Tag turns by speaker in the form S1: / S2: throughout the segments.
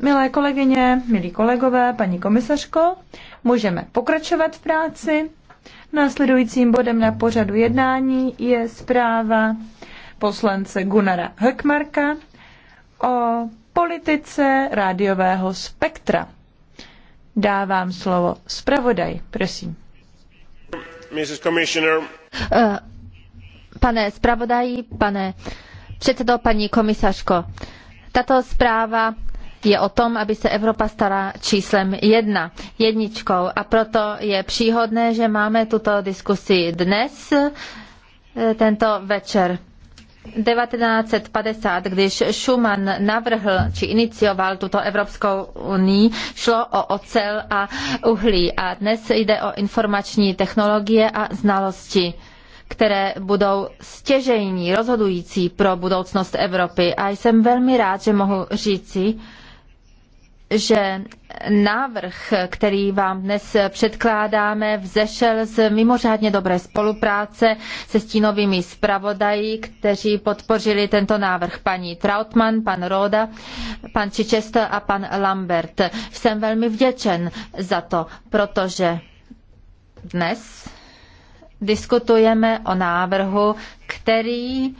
S1: Milé kolegyně, milí kolegové, paní komisařko, můžeme pokračovat v práci. Následujícím bodem na pořadu jednání je zpráva poslance Gunara Hökmarka o politice rádiového spektra. Dávám slovo
S2: zpravodaj, prosím.
S3: Mrs. Commissioner.
S2: Uh, pane zpravodaji, pane uh, předsedo, paní komisařko, tato zpráva je o tom, aby se Evropa stala číslem jedna, jedničkou. A proto je příhodné, že máme tuto diskusi dnes, eh, tento večer. 1950, když Schuman navrhl či inicioval tuto Evropskou unii, šlo o ocel a uhlí. A dnes jde o informační technologie a znalosti které budou stěžejní, rozhodující pro budoucnost Evropy. A jsem velmi rád, že mohu říci, že návrh, který vám dnes předkládáme, vzešel z mimořádně dobré spolupráce se stínovými zpravodají, kteří podpořili tento návrh paní Trautmann, pan Roda, pan Čičesto a pan Lambert. Jsem velmi vděčen za to, protože dnes diskutujeme o návrhu, který eh,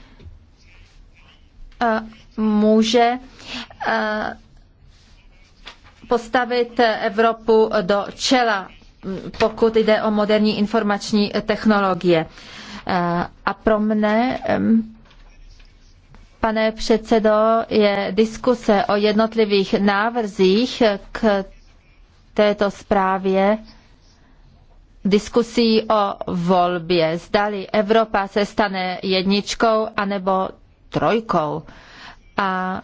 S2: může eh, postavit Evropu do čela, pokud jde o moderní informační technologie. Eh, a pro mne, pane předsedo, je diskuse o jednotlivých návrzích k této zprávě diskusí o volbě. Zdali Evropa se stane jedničkou anebo trojkou. A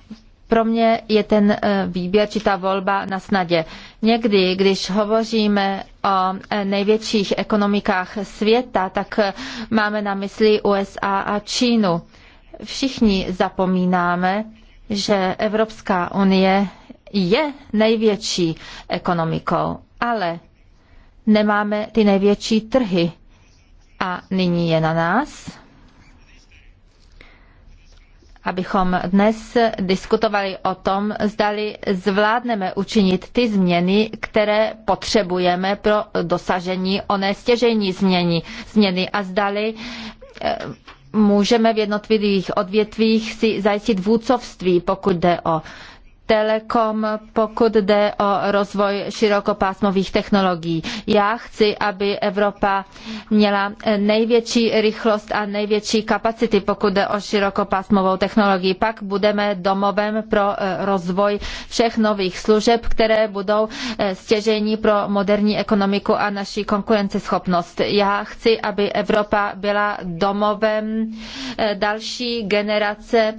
S2: pro mě je ten eh, výběr či ta volba na snadě. Někdy, když hovoříme o eh, největších ekonomikách světa, tak eh, máme na mysli USA a Čínu. Všichni zapomínáme, že Evropská unie je největší ekonomikou, ale nemáme ty největší trhy. A nyní je na nás, abychom dnes diskutovali o tom, zdali zvládneme učinit ty změny, které potřebujeme pro dosažení oné stěžení změny, změny a zdali eh, můžeme v jednotlivých odvětvích si zajistit vůcovství, pokud jde o Telekom, pokud jde o rozvoj širokopásmových technologií. Já chci, aby Evropa měla největší rychlost a největší kapacity, pokud jde o širokopásmovou technologii. Pak budeme domovem pro eh, rozvoj všech nových služeb, které budou eh, stěžení pro moderní ekonomiku a naší konkurenceschopnost. Já chci, aby Evropa byla domovem eh, další generace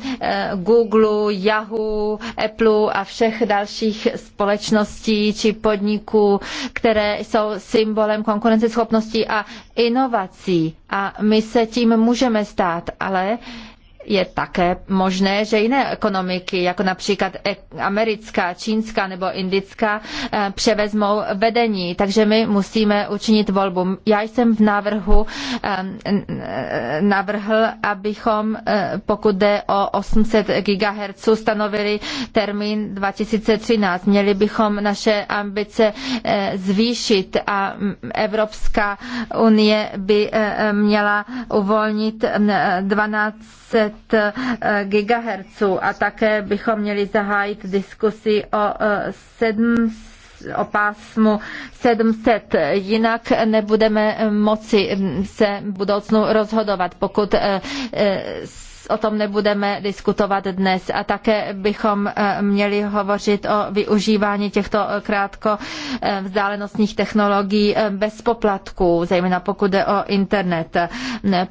S2: Google, Yahoo, Apple, a všech dalších společností či podniků, které jsou symbolem konkurenceschopnosti a inovací. A my se tím můžeme stát, ale je také možné, že jiné ekonomiky, jako například e- americká, čínská nebo indická, eh, převezmou vedení. Takže my musíme učinit volbu. Já jsem v návrhu eh, navrhl, abychom, eh, pokud jde o 800 GHz, stanovili termín 2013. Měli bychom naše ambice zvýšit a Evropská unie by měla uvolnit 12 Eh, GHz a také bychom měli zahájit diskusi o eh, sedm o pásmu 700. Jinak nebudeme moci se v budoucnu rozhodovat, pokud eh, o tom nebudeme diskutovat dnes. A také bychom měli hovořit o využívání těchto krátko vzdálenostních technologií bez poplatků, zejména pokud jde o internet.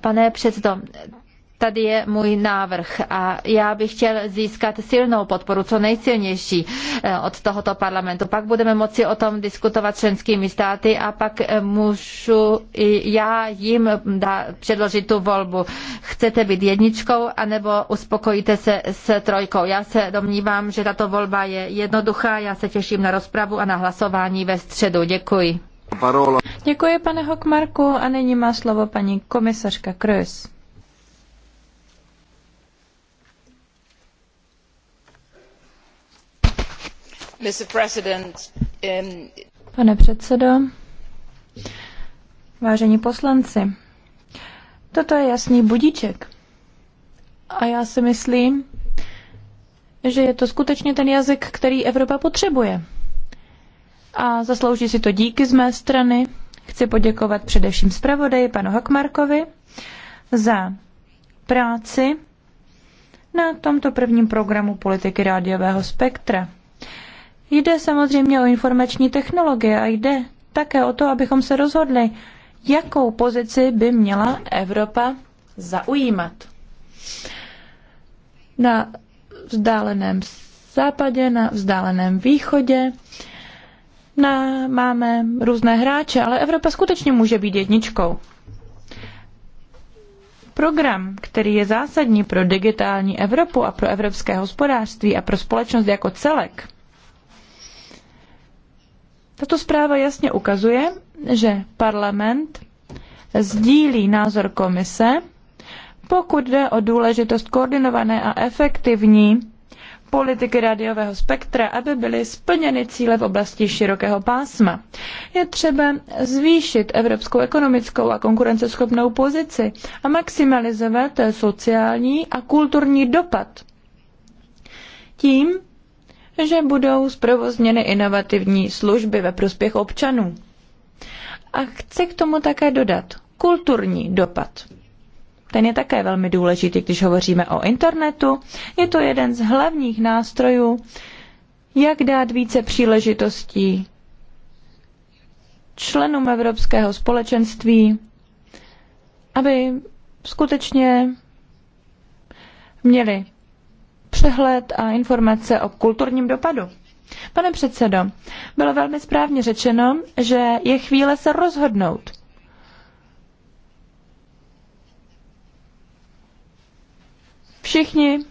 S2: Pane předsedo, Tady je můj návrh a já bych chtěl získat silnou podporu, co nejsilnější eh, od tohoto parlamentu. Pak budeme moci o tom diskutovat s členskými státy a pak eh, můžu i já jim dá, předložit tu volbu. Chcete být jedničkou anebo uspokojíte se s trojkou. Já se domnívám, že tato volba je jednoduchá. Já se těším na rozpravu a na hlasování ve středu. Děkuji. Parola. Děkuji, pane Hokmarku. A nyní má slovo paní komisařka Krös.
S3: Um,
S1: Pane předsedo, vážení poslanci, toto je jasný budíček. A já si myslím, že je to skutečně ten jazyk, který Evropa potřebuje. A zaslouží si to díky z mé strany. Chci poděkovat především zpravodaji panu Hakmarkovi za práci na tomto prvním programu politiky rádiového spektra. Jde samozřejmě o informační technologie a jde také o to, abychom se rozhodli, jakou pozici by měla Evropa zaujímat. Na vzdáleném západě, na vzdáleném východě na, máme různé hráče, ale Evropa skutečně může být jedničkou. Program, který je zásadní pro digitální Evropu a pro evropské hospodářství a pro společnost jako celek, tato zpráva jasně ukazuje, že parlament sdílí názor komise, pokud jde o důležitost koordinované a efektivní politiky rádiového spektra, aby byly splněny cíle v oblasti širokého pásma. Je třeba zvýšit evropskou ekonomickou a konkurenceschopnou pozici a maximalizovat sociální a kulturní dopad. Tím, že budou zprovozněny inovativní služby ve prospěch občanů. A chci k tomu také dodat kulturní dopad. Ten je také velmi důležitý, když hovoříme o internetu. Je to jeden z hlavních nástrojů, jak dát více příležitostí členům Evropského společenství, aby skutečně měli přehled a informace o kulturním dopadu. Pane předsedo, bylo velmi správně řečeno, že je chvíle se rozhodnout. Všichni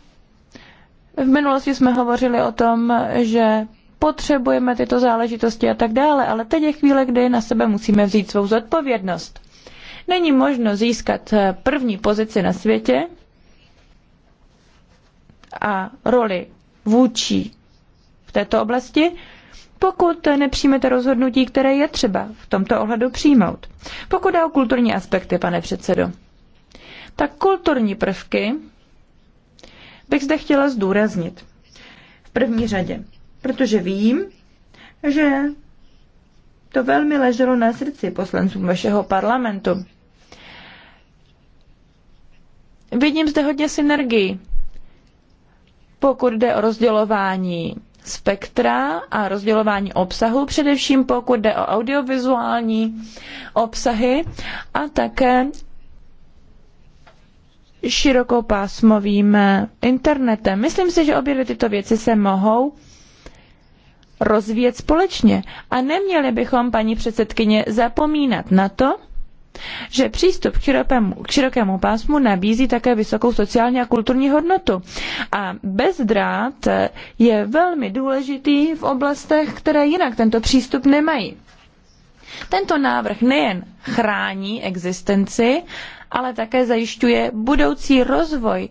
S1: v minulosti jsme hovořili o tom, že potřebujeme tyto záležitosti a tak dále, ale teď je chvíle, kdy na sebe musíme vzít svou zodpovědnost. Není možno získat první pozici na světě, a roli vůči v této oblasti, pokud nepřijmete rozhodnutí, které je třeba v tomto ohledu přijmout. Pokud jde o kulturní aspekty, pane předsedo, tak kulturní prvky bych zde chtěla zdůraznit v první řadě, protože vím, že to velmi leželo na srdci poslancům vašeho parlamentu. Vidím zde hodně synergii pokud jde o rozdělování spektra a rozdělování obsahu, především pokud jde o audiovizuální obsahy a také širokopásmovým internetem. Myslím si, že obě tyto věci se mohou rozvíjet společně. A neměli bychom, paní předsedkyně, zapomínat na to, že přístup k širokému, k širokému pásmu nabízí také vysokou sociální a kulturní hodnotu. A bezdrát je velmi důležitý v oblastech, které jinak tento přístup nemají. Tento návrh nejen chrání existenci, ale také zajišťuje budoucí rozvoj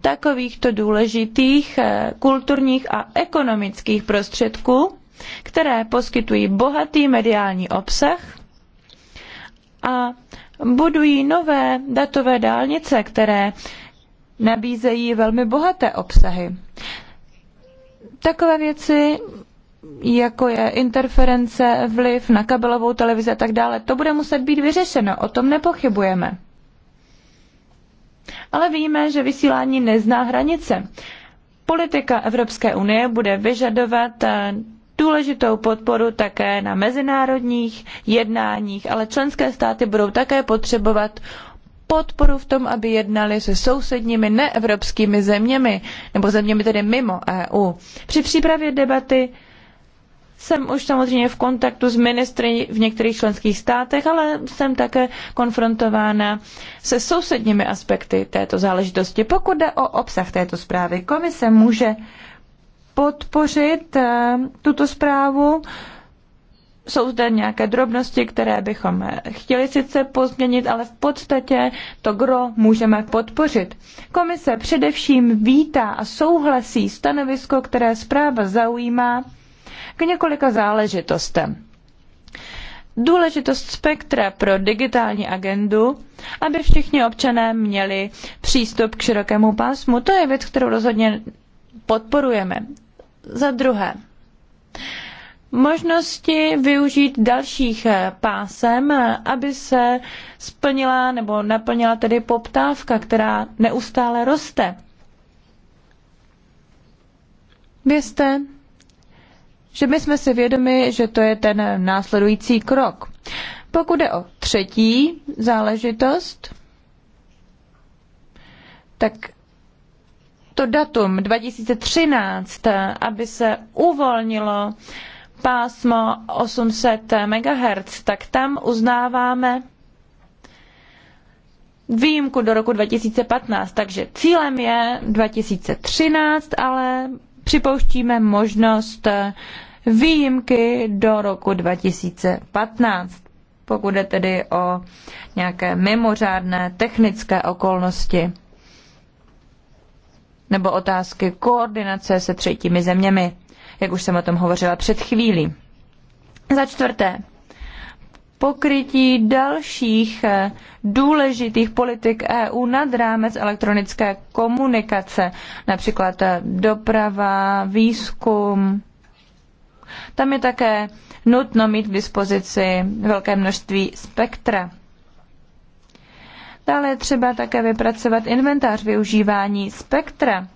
S1: takovýchto důležitých eh, kulturních a ekonomických prostředků, které poskytují bohatý mediální obsah, a budují nové datové dálnice, které nabízejí velmi bohaté obsahy. Takové věci, jako je interference, vliv na kabelovou televizi a tak dále, to bude muset být vyřešeno, o tom nepochybujeme. Ale víme, že vysílání nezná hranice. Politika Evropské unie bude vyžadovat eh, důležitou podporu také na mezinárodních jednáních, ale členské státy budou také potřebovat podporu v tom, aby jednali se sousedními neevropskými zeměmi, nebo zeměmi tedy mimo EU. Při přípravě debaty jsem už samozřejmě v kontaktu s ministry v některých členských státech, ale jsem také konfrontována se sousedními aspekty této záležitosti. Pokud jde o obsah této zprávy, komise může podpořit eh, tuto zprávu. Jsou zde nějaké drobnosti, které bychom eh, chtěli sice pozměnit, ale v podstatě to gro můžeme podpořit. Komise především vítá a souhlasí stanovisko, které zpráva zaujímá k několika záležitostem. Důležitost spektra pro digitální agendu, aby všichni občané měli přístup k širokému pásmu, to je věc, kterou rozhodně podporujeme. Za druhé, možnosti využít dalších eh, pásem, eh, aby se splnila nebo naplnila tedy poptávka, která neustále roste. Vězte, že my jsme si vědomi, že to je ten následující krok. Pokud je o třetí záležitost, tak to datum 2013, aby se uvolnilo pásmo 800 MHz, tak tam uznáváme výjimku do roku 2015. Takže cílem je 2013, ale připouštíme možnost výjimky do roku 2015, pokud je tedy o nějaké mimořádné technické okolnosti nebo otázky koordinace se třetími zeměmi, jak už jsem o tom hovořila před chvílí. Za čtvrté, pokrytí dalších eh, důležitých politik EU nad rámec elektronické komunikace, například eh, doprava, výzkum. Tam je také nutno mít k dispozici velké množství spektra. Dále je třeba také vypracovat inventář využívání spektra.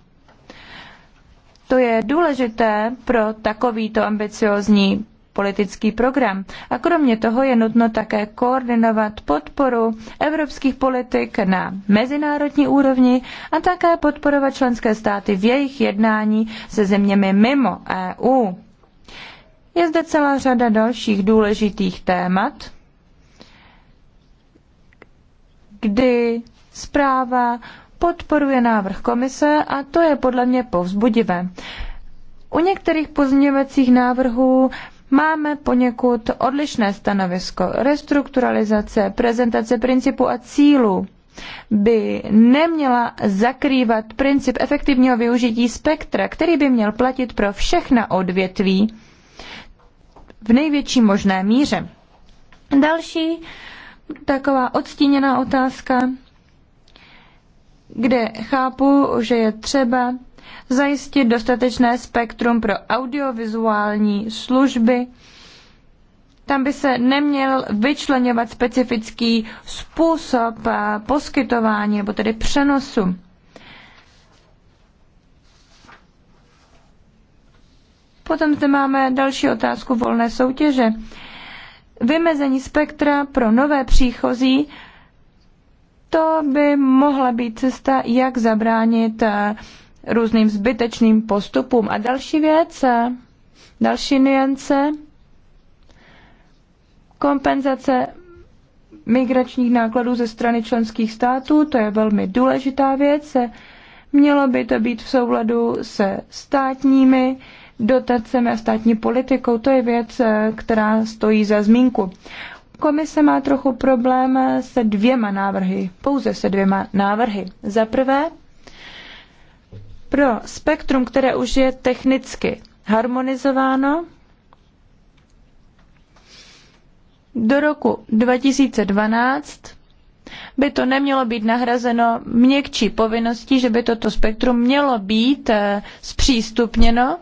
S1: To je důležité pro takovýto ambiciozní politický program. A kromě toho je nutno také koordinovat podporu evropských politik na mezinárodní úrovni a také podporovat členské státy v jejich jednání se zeměmi mimo EU. Je zde celá řada dalších důležitých témat, kdy zpráva podporuje návrh komise a to je podle mě povzbudivé. U některých pozměňovacích návrhů máme poněkud odlišné stanovisko. Restrukturalizace, prezentace principu a cílů by neměla zakrývat princip efektivního využití spektra, který by měl platit pro všechna odvětví v největší možné míře. Další taková odstíněná otázka, kde chápu, že je třeba zajistit dostatečné spektrum pro audiovizuální služby. Tam by se neměl vyčlenovat specifický způsob poskytování nebo tedy přenosu. Potom zde máme další otázku volné soutěže vymezení spektra pro nové příchozí, to by mohla být cesta, jak zabránit eh, různým zbytečným postupům. A další věc, eh, další niance, kompenzace migračních nákladů ze strany členských států, to je velmi důležitá věc. Mělo by to být v souladu se státními dotacemi a státní politikou. To je věc, eh, která stojí za zmínku. Komise má trochu problém eh, se dvěma návrhy, pouze se dvěma návrhy. Za prvé, pro spektrum, které už je technicky harmonizováno, do roku 2012 by to nemělo být nahrazeno měkčí povinností, že by toto spektrum mělo být eh, zpřístupněno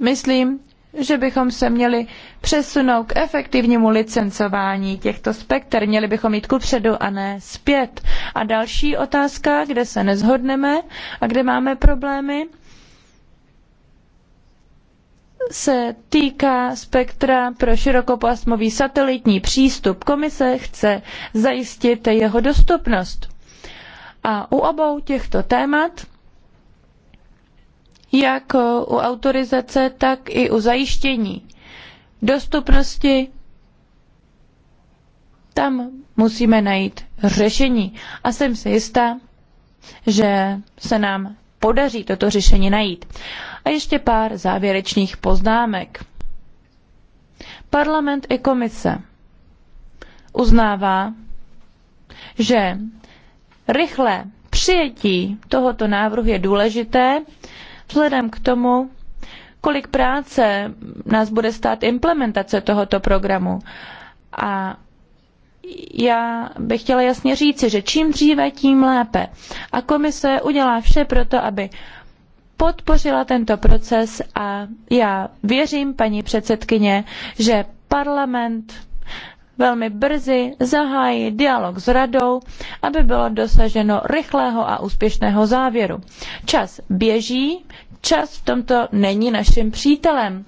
S1: myslím, že bychom se měli přesunout k efektivnímu licencování těchto spekter. Měli bychom jít kupředu a ne zpět. A další otázka, kde se nezhodneme a kde máme problémy, se týká spektra pro širokopásmový satelitní přístup. Komise chce zajistit jeho dostupnost. A u obou těchto témat jak eh, u autorizace, tak i u zajištění dostupnosti. Tam musíme najít řešení. A jsem si jistá, že se nám podaří toto řešení najít. A ještě pár závěrečných poznámek. Parlament i komise uznává, že rychlé přijetí tohoto návrhu je důležité, vzhledem k tomu, kolik práce nás bude stát implementace tohoto programu. A já bych chtěla jasně říci, že čím dříve, tím lépe. A komise udělá vše pro to, aby podpořila tento proces a já věřím, paní předsedkyně, že parlament velmi brzy zahájí dialog s radou, aby bylo dosaženo rychlého a úspěšného závěru. Čas běží, čas v tomto není naším přítelem.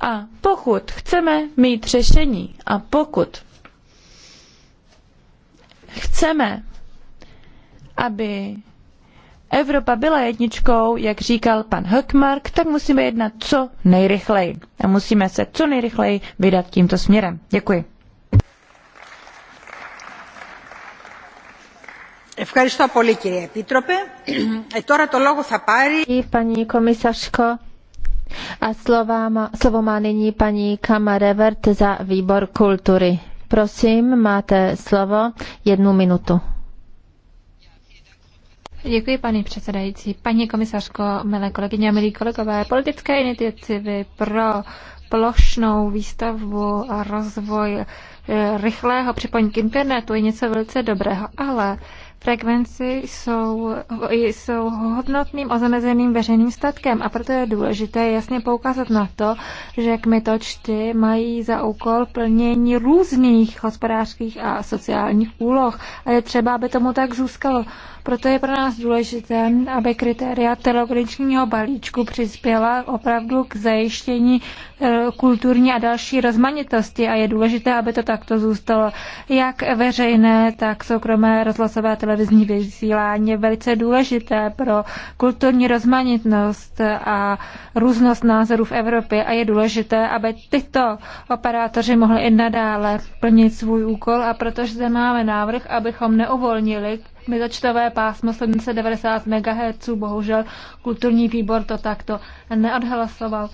S1: A pokud chceme mít řešení a pokud chceme, aby Evropa byla jedničkou, jak říkal pan Höckmark, tak musíme jednat co nejrychleji. A musíme se co nejrychleji vydat tímto směrem. Děkuji.
S4: Ευχαριστώ πολύ κύριε Επίτροπε. Ε, τώρα το λόγο θα
S2: Paní komisařko, a slova má, slovo má nyní paní Kamarevert za výbor kultury. Prosím, máte slovo jednu minutu.
S5: Děkuji, paní předsedající. Paní komisařko, milé kolegyně a milí kolegové, politické iniciativy pro plošnou výstavbu a rozvoj eh, rychlého připojení k internetu je něco velice dobrého, ale frekvenci jsou, jsou hodnotným ozemezeným veřejným statkem a proto je důležité jasně poukázat na to, že kmitočty mají za úkol plnění různých hospodářských a sociálních úloh a je třeba, aby tomu tak zůstalo. Proto je pro nás důležité, aby kritéria teologičního balíčku přispěla opravdu k zajištění eh, kulturní a další rozmanitosti a je důležité, aby to takto zůstalo jak veřejné, tak soukromé rozhlasové televizní vysílání je velice důležité pro kulturní rozmanitnost a různost názorů v Evropě a je důležité, aby tyto operátoři mohli i nadále plnit svůj úkol a protože zde máme návrh, abychom neuvolnili mezačtové pásmo 790 MHz. Bohužel kulturní výbor to takto neodhlasoval.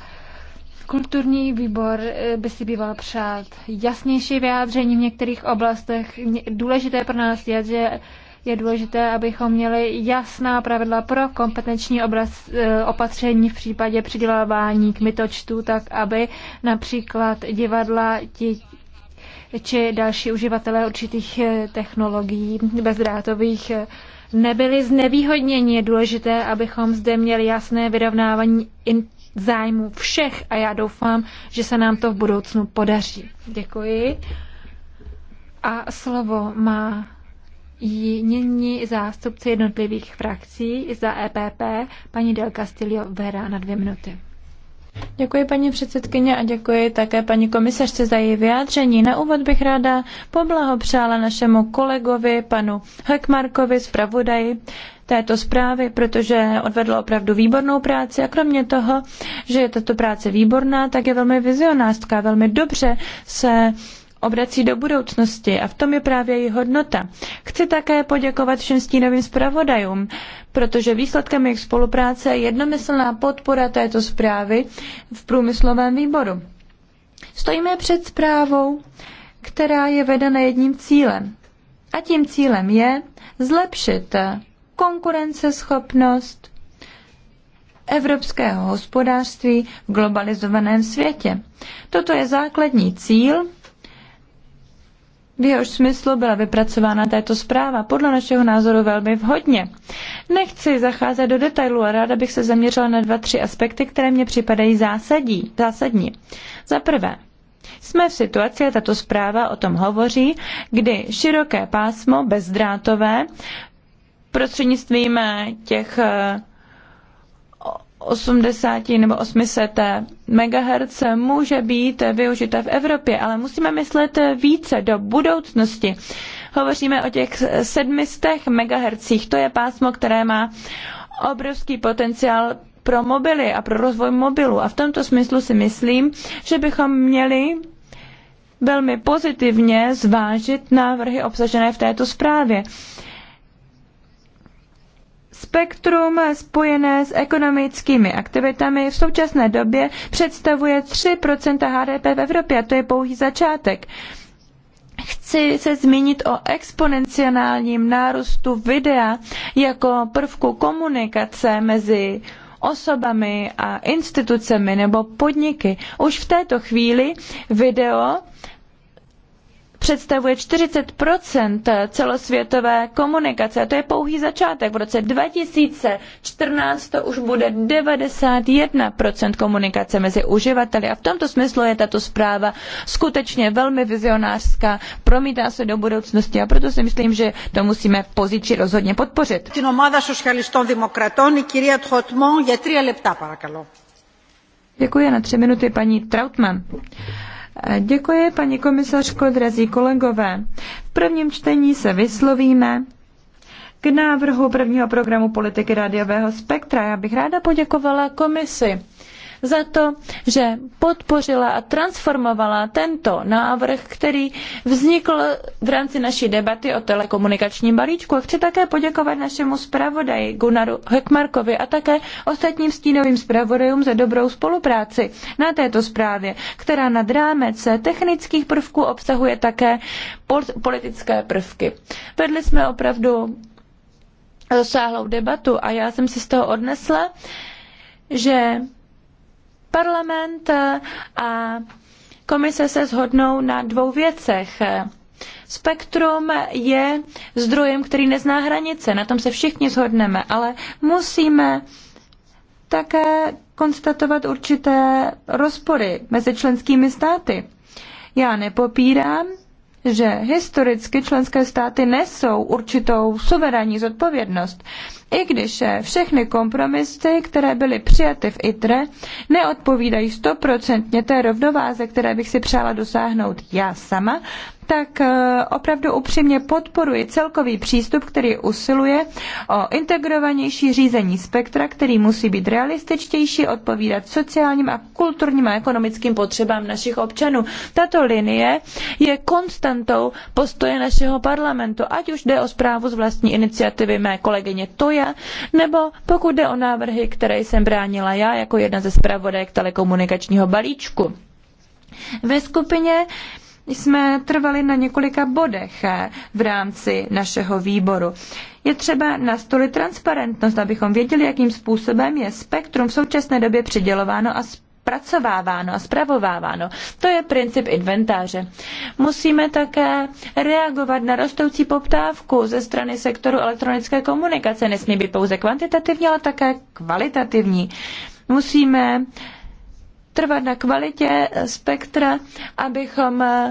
S5: Kulturní výbor eh, by si býval přát jasnější vyjádření v některých oblastech. Důležité pro nás je, že je důležité, abychom měli jasná pravidla pro kompetenční oblast, eh, opatření v případě přidělování kmitočtů, tak aby například divadla, či další uživatelé určitých eh, technologií bezdrátových eh, nebyli znevýhodněni. Je důležité, abychom zde měli jasné vyrovnávání zájmu všech a já doufám, že se nám to v budoucnu podaří. Děkuji. A slovo má nyní zástupce jednotlivých frakcí za EPP, paní Del Castillo Vera na dvě minuty.
S1: Děkuji paní předsedkyně a děkuji také paní komisařce za její vyjádření. Na úvod bych ráda poblahopřála našemu kolegovi, panu Hekmarkovi, Pravodaji této zprávy, protože odvedl opravdu výbornou práci a kromě toho, že je tato práce výborná, tak je velmi vizionářská, velmi dobře se obrací do budoucnosti a v tom je právě její hodnota. Chci také poděkovat všem stínovým zpravodajům, protože výsledkem jejich spolupráce je jednomyslná podpora této zprávy v průmyslovém výboru. Stojíme před zprávou, která je vedena jedním cílem. A tím cílem je zlepšit konkurenceschopnost evropského hospodářství v globalizovaném světě. Toto je základní cíl v jehož smyslu byla vypracována tato zpráva, podle našeho názoru velmi vhodně. Nechci zacházet do detailu a ráda bych se zaměřila na dva, tři aspekty, které mě připadají zásadí, zásadní. Za prvé, jsme v situaci, a tato zpráva o tom hovoří, kdy široké pásmo bezdrátové prostřednictvím těch eh, 80 nebo 800 MHz může být využita v Evropě, ale musíme myslet více do budoucnosti. Hovoříme o těch 700 MHz, to je pásmo, které má obrovský potenciál pro mobily a pro rozvoj mobilu. A v tomto smyslu si myslím, že bychom měli velmi pozitivně zvážit návrhy obsažené v této zprávě spektrum spojené s ekonomickými aktivitami v současné době představuje 3 HDP v Evropě a to je pouhý začátek. Chci se zmínit o exponenciálním nárůstu videa jako prvku komunikace mezi osobami a institucemi nebo podniky. Už v této chvíli video představuje 40 celosvětové komunikace. A to je pouhý začátek. V roce 2014 to už bude 91 komunikace mezi uživateli. A v tomto smyslu je tato zpráva skutečně velmi vizionářská, promítá se do budoucnosti a proto si myslím, že to musíme pozici rozhodně podpořit. Την ομάδα Σοσιαλιστών
S4: Δημοκρατών, η κυρία Τχοτμό, για τρία λεπτά παρακαλώ.
S1: Děkuji na tři minuty paní Trautmann. Eh, děkuji, paní komisařko, drazí kolegové. V prvním čtení se vyslovíme k návrhu prvního programu politiky rádiového spektra. Já bych ráda poděkovala komisi za to, že podpořila a transformovala tento návrh, který vznikl v rámci naší debaty o telekomunikačním balíčku. A chci také poděkovat našemu zpravodaji Gunaru Hekmarkovi a také ostatním stínovým zpravodajům za dobrou spolupráci na této zprávě, která nad rámec technických prvků obsahuje také politické prvky. Vedli jsme opravdu rozsáhlou debatu a já jsem si z toho odnesla, že Parlament eh, a komise se shodnou na dvou věcech. Spektrum je zdrojem, který nezná hranice, na tom se všichni shodneme, ale musíme také konstatovat určité rozpory mezi členskými státy. Já nepopírám, že historicky členské státy nesou určitou suverénní zodpovědnost i když eh, všechny kompromisy, které byly přijaty v ITRE, neodpovídají stoprocentně té rovnováze, které bych si přála dosáhnout já sama, tak eh, opravdu upřímně podporuji celkový přístup, který usiluje o integrovanější řízení spektra, který musí být realističtější, odpovídat sociálním a kulturním a ekonomickým potřebám našich občanů. Tato linie je konstantou postoje našeho parlamentu, ať už jde o zprávu z vlastní iniciativy mé kolegyně. To je, nebo pokud jde o návrhy, které jsem bránila já jako jedna ze zpravodajek telekomunikačního balíčku. Ve skupině jsme trvali na několika bodech v rámci našeho výboru. Je třeba nastolit transparentnost, abychom věděli, jakým způsobem je spektrum v současné době přidělováno a zpracováváno a zpravováváno. To je princip inventáře. Musíme také reagovat na rostoucí poptávku ze strany sektoru elektronické komunikace. Nesmí být pouze kvantitativní, ale také kvalitativní. Musíme trvat na kvalitě spektra, abychom uh,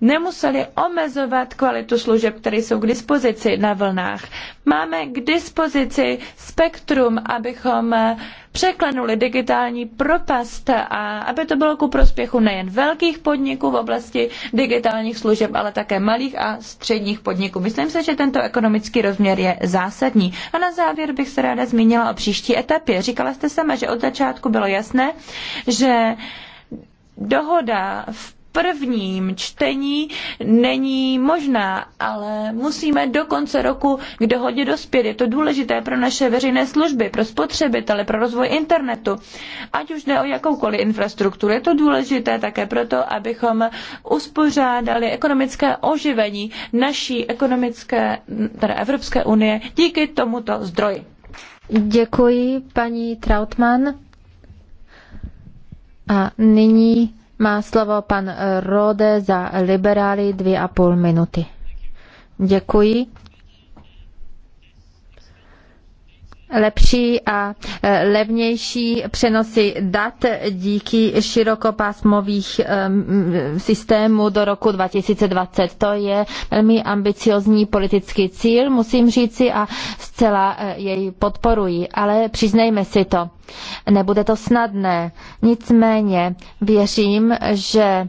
S1: nemuseli omezovat kvalitu služeb, které jsou k dispozici na vlnách. Máme k dispozici spektrum, abychom eh, překlenuli digitální propast a aby to bylo ku prospěchu nejen velkých podniků v oblasti digitálních služeb, ale také malých a středních podniků. Myslím se, že tento ekonomický rozměr je zásadní. A na závěr bych se ráda zmínila o příští etapě. Říkala jste sama, že od začátku bylo jasné, že dohoda v prvním čtení není možná, ale musíme do konce roku k dohodě dospět. Je to důležité pro naše veřejné služby, pro spotřebitele, pro rozvoj internetu. Ať už jde o jakoukoliv infrastrukturu, je to důležité také proto, abychom uspořádali ekonomické oživení naší ekonomické, teda Evropské unie, díky tomuto zdroji.
S2: Děkuji, paní Trautmann. A nyní má slovo pan Rode za liberály dvě a půl minuty. Děkuji. lepší a e, levnější přenosy dat díky širokopásmových e, systémů do roku 2020. To je velmi ambiciozní politický cíl, musím říci, a zcela e, jej podporuji, ale přiznejme si to. Nebude to snadné. Nicméně věřím, že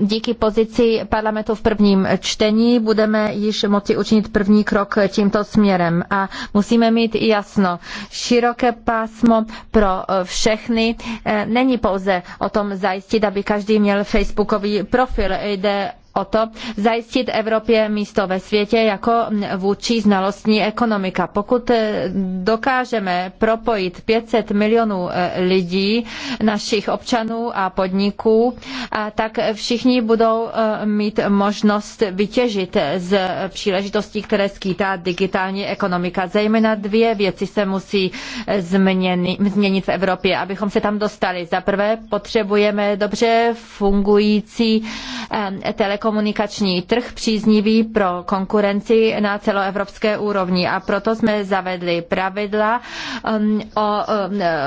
S2: díky pozici parlamentu v prvním čtení budeme již moci učinit první krok tímto směrem. A musíme mít jasno, široké pásmo pro eh, všechny eh, není pouze o tom zajistit, aby každý měl facebookový profil. Jde o to zajistit Evropě místo ve světě jako vůči znalostní ekonomika. Pokud eh, dokážeme propojit 500 milionů lidí, našich občanů a podniků tak všichni budou eh, mít možnost vytěžit z příležitostí, které skýtá digitální ekonomika. Zejména dvě věci se musí eh, změnit v Evropě, abychom se tam dostali. Za prvé potřebujeme dobře fungující eh, telekomunikační trh příznivý pro konkurenci na celoevropské úrovni a proto jsme zavedli pravidla ehm, o ehm, e,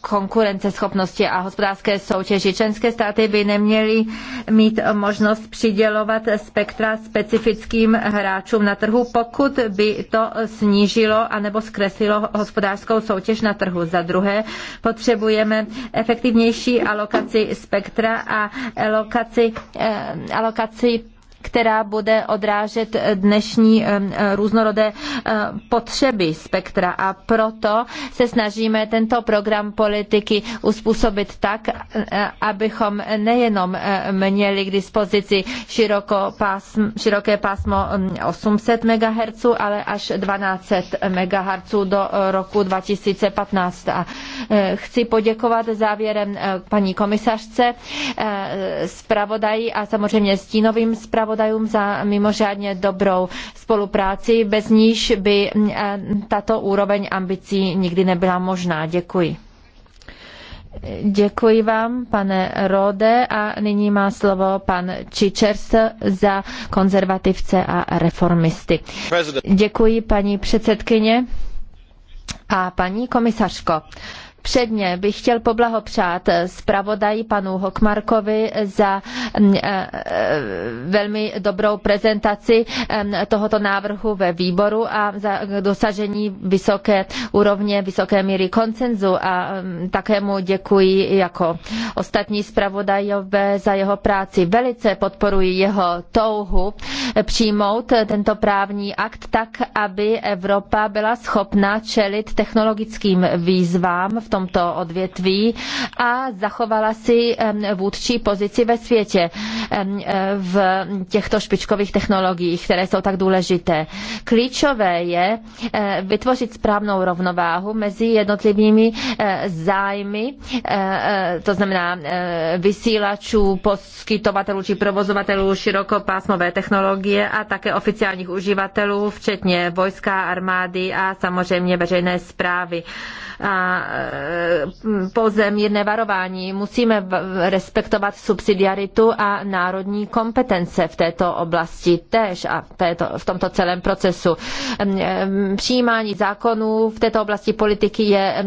S2: konkurenceschopnosti a hospodářské soutěži. Členské státy by neměli mít možnost přidělovat spektra specifickým hráčům na trhu, pokud by to snížilo anebo zkreslilo hospodářskou soutěž na trhu. Za druhé, potřebujeme efektivnější alokaci spektra a alokaci, eh, alokaci která bude odrážet eh, dnešní eh, eh, různorodé potřeby spektra. A proto se snažíme tento program politiky uspůsobit tak, abychom nejenom měli k dispozici široko pásm, široké pásmo 800 hm, MHz, ale až 1200 MHz do roku 2015. A chci poděkovat závěrem paní komisařce, zpravodaji a samozřejmě stínovým zpravodajům zpravodajům za mimořádně dobrou spolupráci, bez níž by eh, tato úroveň ambicí nikdy nebyla možná. Děkuji. Děkuji vám, pane Rode, a nyní má slovo pan Čičers za konzervativce a reformisty. Děkuji, paní předsedkyně a paní komisařko. Předně bych chtěl poblahopřát eh, zpravodaji panu Hokmarkovi za mm, eh, eh, velmi dobrou prezentaci mm, tohoto návrhu ve výboru a za dosažení vysoké úrovně, vysoké míry koncenzu a mm, také mu děkuji jako ostatní zpravodajové za jeho práci. Velice podporuji jeho touhu přijmout tento právní akt tak, aby Evropa byla schopna čelit technologickým výzvám v tom tomto odvětví a zachovala si vůdčí pozici ve světě e, v těchto špičkových technologiích, které jsou tak důležité. Klíčové je e, vytvořit správnou rovnováhu mezi jednotlivými e, zájmy, to znamená vysílačů, poskytovatelů či provozovatelů širokopásmové technologie a také oficiálních uživatelů, včetně vojska, armády a samozřejmě veřejné zprávy. E, pozem jedné varování. Musíme respektovat subsidiaritu a národní kompetence v této oblasti též a v, této, v tomto celém procesu. Přijímání zákonů v této oblasti politiky je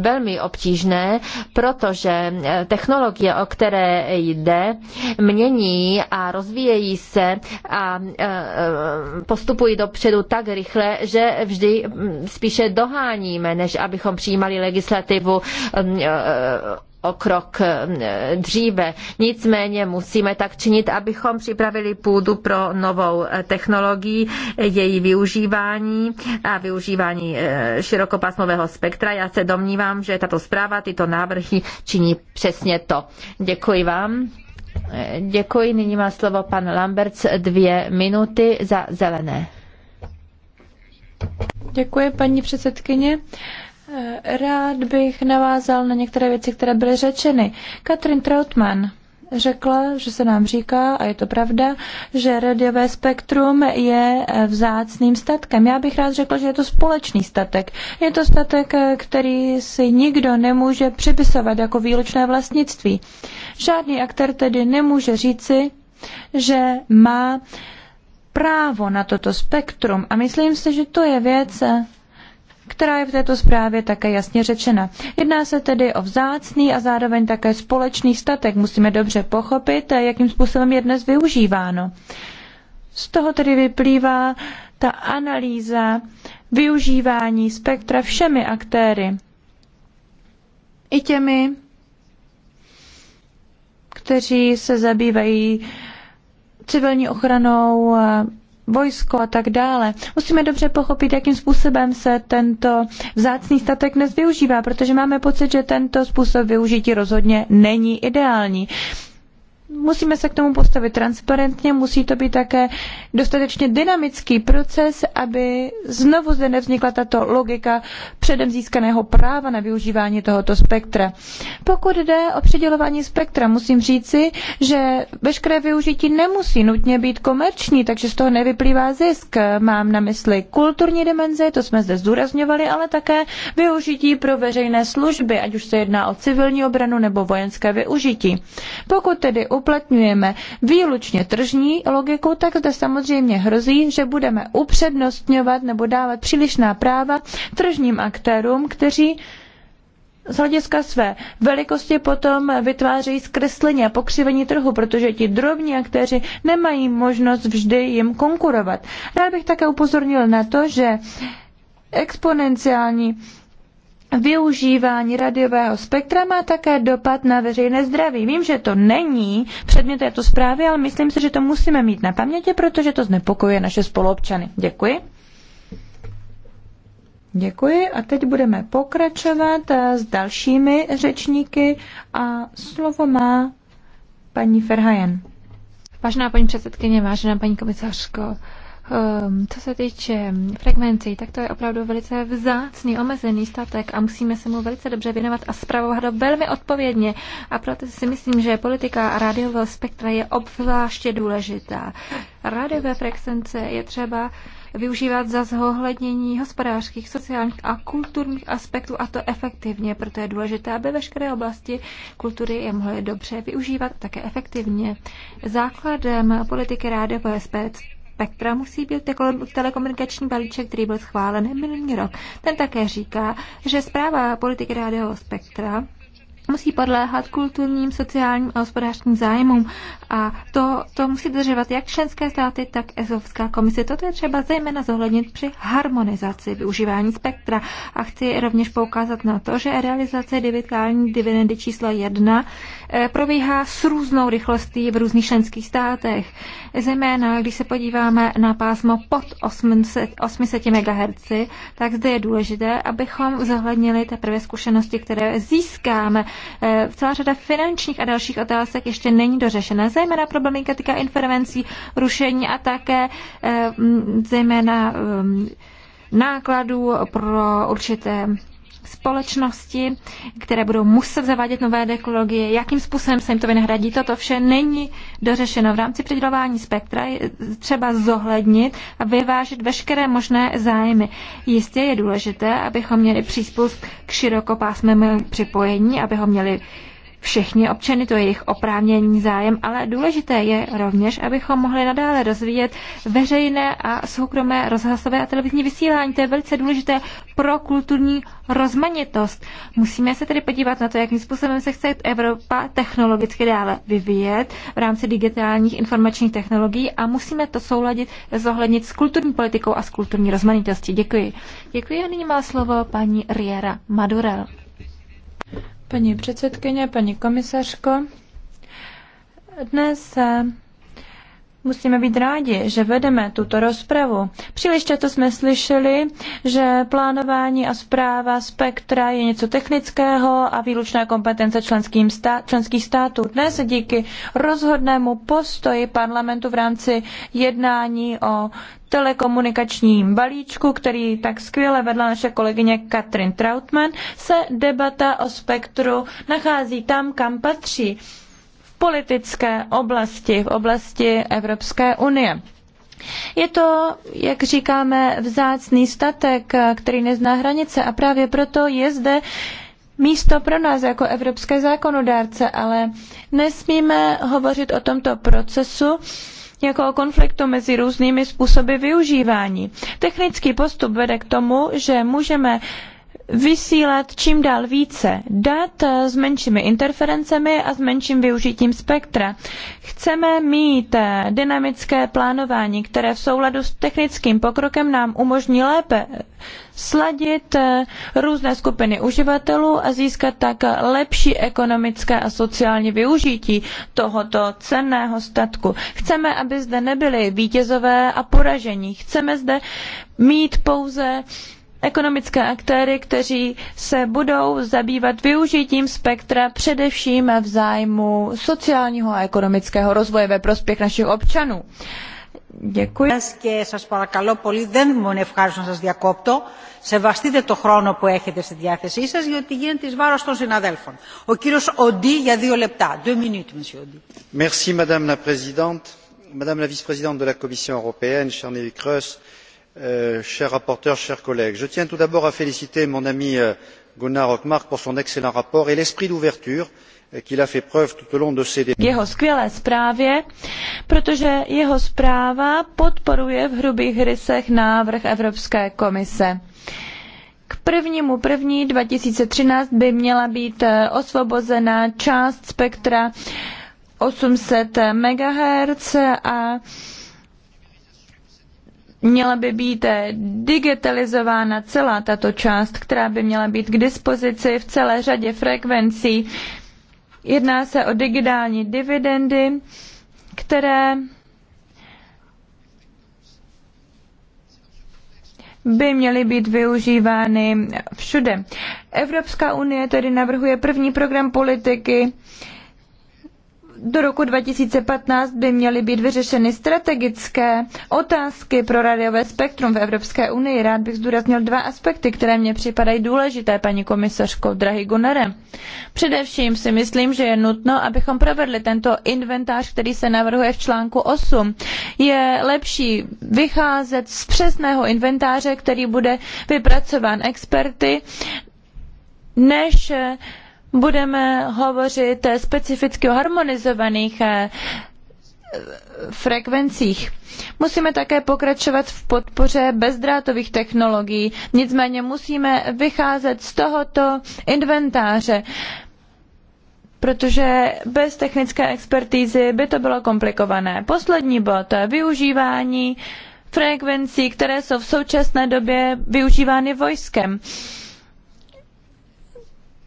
S2: velmi obtížné, protože e, technologie, o které jde, mění a rozvíjejí se a e, postupují dopředu tak rychle, že vždy spíše doháníme, než abychom přijímali přijímali legislativu um, e, o krok e, dříve. Nicméně musíme tak činit, abychom připravili půdu pro novou e, technologii, její využívání a využívání širokopásmového spektra. Já se domnívám, že tato zpráva, tyto návrhy činí přesně to. Děkuji vám. Děkuji. Nyní má slovo pan Lamberts dvě minuty za zelené. Děkuji, paní předsedkyně.
S1: Rád bych navázal na některé věci, které byly řečeny. Katrin Trautmann řekla, že se nám říká, a je to pravda, že radiové spektrum je vzácným statkem. Já bych rád řekla, že je to společný statek. Je to statek, který si nikdo nemůže připisovat jako výlučné vlastnictví. Žádný aktér tedy nemůže říci, že má právo na toto spektrum. A myslím si, že to je věc, která je v této zprávě také jasně řečena. Jedná se tedy o vzácný a zároveň také společný statek. Musíme dobře pochopit, jakým způsobem je dnes využíváno. Z toho tedy vyplývá ta analýza využívání spektra všemi aktéry. I těmi, kteří se zabývají civilní ochranou vojsko a tak dále. Musíme dobře pochopit, jakým způsobem se tento vzácný statek dnes využívá, protože máme pocit, že tento způsob využití rozhodně není ideální musíme se k tomu postavit transparentně, musí to být také dostatečně dynamický proces, aby znovu zde nevznikla tato logika předem získaného práva na využívání tohoto spektra. Pokud jde o předělování spektra, musím říci, že veškeré využití nemusí nutně být komerční, takže z toho nevyplývá zisk. Mám na mysli kulturní dimenze, to jsme zde zdůrazňovali, ale také využití pro veřejné služby, ať už se jedná o civilní obranu nebo vojenské využití. Pokud tedy uplatňujeme výlučně tržní logiku, tak zde samozřejmě hrozí, že budeme upřednostňovat nebo dávat přílišná práva tržním aktérům, kteří z hlediska své velikosti potom vytvářejí zkreslení a pokřivení trhu, protože ti drobní aktéři nemají možnost vždy jim konkurovat. Rád bych také upozornil na to, že exponenciální využívání radiového spektra má také dopad na veřejné zdraví. Vím, že to není předmět této zprávy, ale myslím si, že to musíme mít na paměti, protože to znepokojuje naše spoluobčany. Děkuji. Děkuji a teď budeme pokračovat eh, s dalšími řečníky a slovo má paní Ferhajen. Vážená paní předsedkyně, vážená paní komisařko,
S5: Ehm, co se týče frekvencí, tak to je opravdu velice vzácný, omezený statek a musíme se mu velice dobře věnovat a zpravovat ho velmi odpovědně. A proto si myslím, že politika rádiového spektra je obzvláště důležitá. Rádiové frekvence je třeba využívat za zohlednění hospodářských, sociálních a kulturních aspektů a to efektivně, proto je důležité, aby veškeré oblasti kultury je mohly dobře využívat také efektivně. Základem politiky rádiové spektra musí být jako telekomunikační balíček, který byl schválen minulý rok. Ten také říká, že zpráva politiky rádiového spektra musí podléhat kulturním, sociálním a hospodářským zájmům. A to, to musí dodržovat jak členské státy, tak Evropská komise. Toto je třeba zejména zohlednit při harmonizaci využívání spektra. A chci rovněž poukázat na to, že realizace digitální dividendy číslo 1 eh, probíhá s různou rychlostí v různých členských státech. Zejména, když se podíváme na pásmo pod 800, 800 MHz, tak zde je důležité, abychom zohlednili teprve zkušenosti, které získáme Eh, celá řada finančních a dalších otázek ještě není dořešena, zejména týká intervencí, rušení a také eh, zejména eh, nákladů pro určité společnosti, které budou muset zavádět nové technologie, jakým způsobem se jim to vynahradí, toto vše není dořešeno. V rámci předělování spektra je třeba zohlednit a vyvážit veškeré možné zájmy. Jistě je důležité, abychom měli přístup k širokopásmému připojení, abychom měli všechny občany, to je jejich oprávněný zájem, ale důležité je rovněž, abychom mohli nadále rozvíjet veřejné a soukromé rozhlasové a televizní vysílání. To je velice důležité pro kulturní rozmanitost. Musíme se tedy podívat na to, jakým způsobem se chce Evropa technologicky dále vyvíjet v rámci digitálních informačních technologií a musíme to souladit, zohlednit s kulturní politikou a s kulturní rozmanitostí. Děkuji. Děkuji a nyní má slovo paní
S1: Riera Madurel. Paní předsedkyně, paní komisařko, dnes eh, Musíme být rádi, že vedeme tuto rozpravu. Příliš často jsme slyšeli, že plánování a zpráva spektra je něco technického a výlučná kompetence členským stát, členských států. Dnes díky rozhodnému postoji parlamentu v rámci jednání o telekomunikačním balíčku, který tak skvěle vedla naše kolegyně Katrin Trautmann, se debata o spektru nachází tam, kam patří politické oblasti, v oblasti Evropské unie. Je to, jak říkáme, vzácný statek, který nezná hranice a právě proto je zde místo pro nás jako evropské zákonodárce, ale nesmíme hovořit o tomto procesu jako o konfliktu mezi různými způsoby využívání. Technický postup vede k tomu, že můžeme vysílat čím dál více dat eh, s menšími interferencemi a s menším využitím spektra. Chceme mít eh, dynamické plánování, které v souladu s technickým pokrokem nám umožní lépe eh, sladit různé skupiny uživatelů a získat tak lepší ekonomické a sociální využití tohoto cenného statku. Chceme, aby zde nebyly vítězové a poražení. Chceme zde mít pouze ekonomické aktéry, kteří se budou zabývat využitím spektra především v zájmu sociálního a ekonomického rozvoje ve prospěch našich občanů.
S4: Děkuji. Και σας παρακαλώ πολύ, δεν μου ευχάριστο να σας διακόπτω. Σεβαστείτε το χρόνο που έχετε στη διάθεσή σας, διότι γίνεται εις βάρος των συναδέλφων. Ο κύριος Οντί για δύο λεπτά. Deux minutes, monsieur Οντί.
S3: Merci, madame la présidente, madame la vice-présidente de la Commission européenne, chère Nelly Euh, cher rapporteur chers collègues je tiens tout d'abord à féliciter mon ami euh, gunnar hkmark pour son excellent rapport et l'esprit d'ouverture dont euh, il a fait preuve tout au long jeho
S1: skvělé zprávě, protože jeho zpráva podporuje v hrubých rysech návrh Evropské komise. K prvnímu první 2013 by měla být eh, osvobozena část spektra 800 MHz a měla by být digitalizována celá tato část, která by měla být k dispozici v celé řadě frekvencí. Jedná se o digitální dividendy, které by měly být využívány všude. Evropská unie tedy navrhuje první program politiky, do roku 2015 by měly být vyřešeny strategické otázky pro radiové spektrum v Evropské unii. Rád bych zdůraznil dva aspekty, které mně připadají důležité, paní komisařko, drahý Gunnare. Především si myslím, že je nutno, abychom provedli tento inventář, který se navrhuje v článku 8. Je lepší vycházet z přesného inventáře, který bude vypracován experty, než budeme hovořit specificky o harmonizovaných eh, frekvencích. Musíme také pokračovat v podpoře bezdrátových technologií, nicméně musíme vycházet z tohoto inventáře, protože bez technické expertízy by to bylo komplikované. Poslední bod, využívání frekvencí, které jsou v současné době využívány vojskem.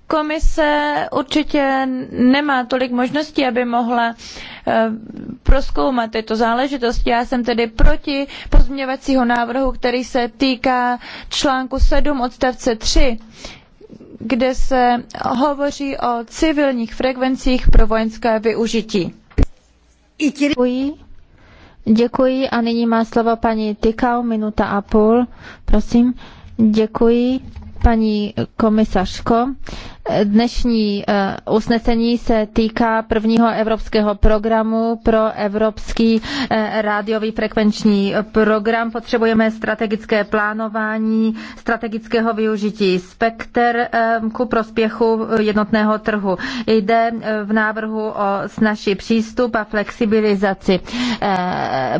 S1: Komise určitě nemá tolik možností, aby mohla eh, prozkoumat tyto záležitosti. Já jsem tedy proti pozměňovacího návrhu, který se týká článku 7 odstavce 3 kde se hovoří o civilních frekvencích pro vojenské využití.
S2: Děkuji. Děkuji a nyní má slovo paní Tykau, minuta a půl. Prosím. Děkuji, paní komisařko. Dnešní eh, usnesení se týká prvního evropského programu pro evropský eh, rádiový frekvenční program. Potřebujeme strategické plánování, strategického využití spekter eh, ku prospěchu jednotného trhu. Jde v návrhu o snažší přístup a flexibilizaci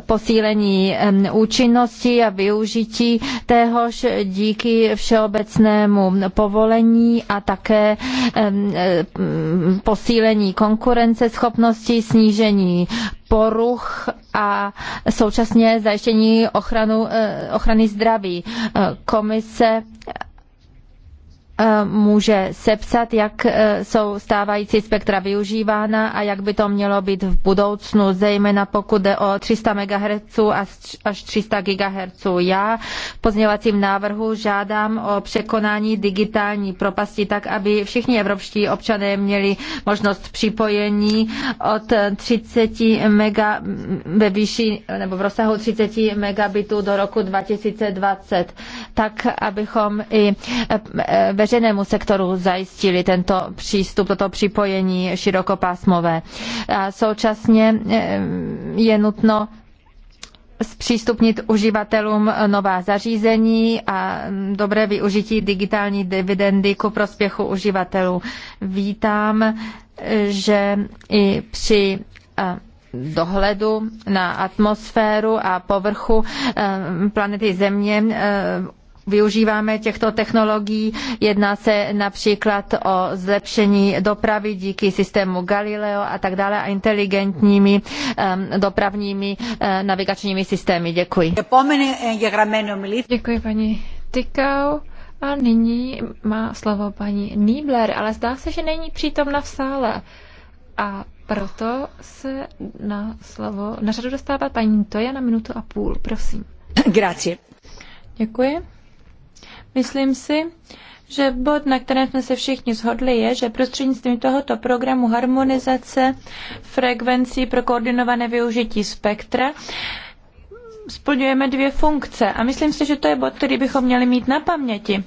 S2: posílení účinnosti a využití téhož díky všeobecnému povolení a také posílení posílení konkurenceschopnosti, snížení poruch a současně zajištění ochranu, eh, ochrany zdraví. Eh, komise Eh, může sepsat, jak eh, jsou stávající spektra využívána a jak by to mělo být v budoucnu, zejména pokud jde o 300 MHz až 300 GHz. Já v pozměvacím návrhu žádám o překonání digitální propasti tak, aby všichni evropští občané měli možnost připojení od 30 MB mm, ve výši nebo v rozsahu 30 megabitů do roku 2020, tak abychom i eh, ve veřejnému sektoru zajistili tento přístup, toto připojení širokopásmové. A současně eh, je nutno zpřístupnit uživatelům nová zařízení a dobré využití digitální dividendy ku prospěchu uživatelů. Vítám, eh, že i při eh, dohledu na atmosféru a povrchu planety Země využíváme těchto technologií. Jedná se například o zlepšení dopravy díky systému Galileo a tak dále a inteligentními dopravními eh, navigačními systémy. Děkuji.
S5: Děkuji paní Tykau. A nyní má slovo paní Niebler, ale zdá se, že není přítomna v sále. A proto se na slovo na řadu dostává paní Toja na minutu a půl,
S1: prosím. Grazie. Děkuji. Myslím si, že bod, na kterém jsme se všichni shodli, je, že prostřednictvím tohoto programu harmonizace frekvencí pro koordinované využití spektra splňujeme dvě funkce a myslím si, že to je bod, který bychom měli mít na paměti.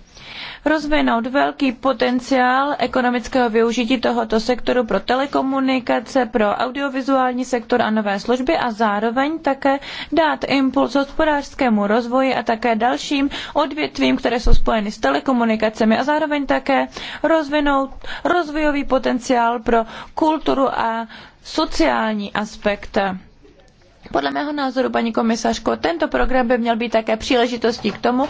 S1: Rozvinout velký potenciál ekonomického využití tohoto sektoru pro telekomunikace, pro audiovizuální sektor a nové služby a zároveň také dát impuls hospodářskému rozvoji a také dalším odvětvím, které jsou spojeny s telekomunikacemi a zároveň také rozvinout rozvojový potenciál pro kulturu a sociální aspekt podle mého názoru, paní komisařko, tento program by měl být také příležitostí k tomu,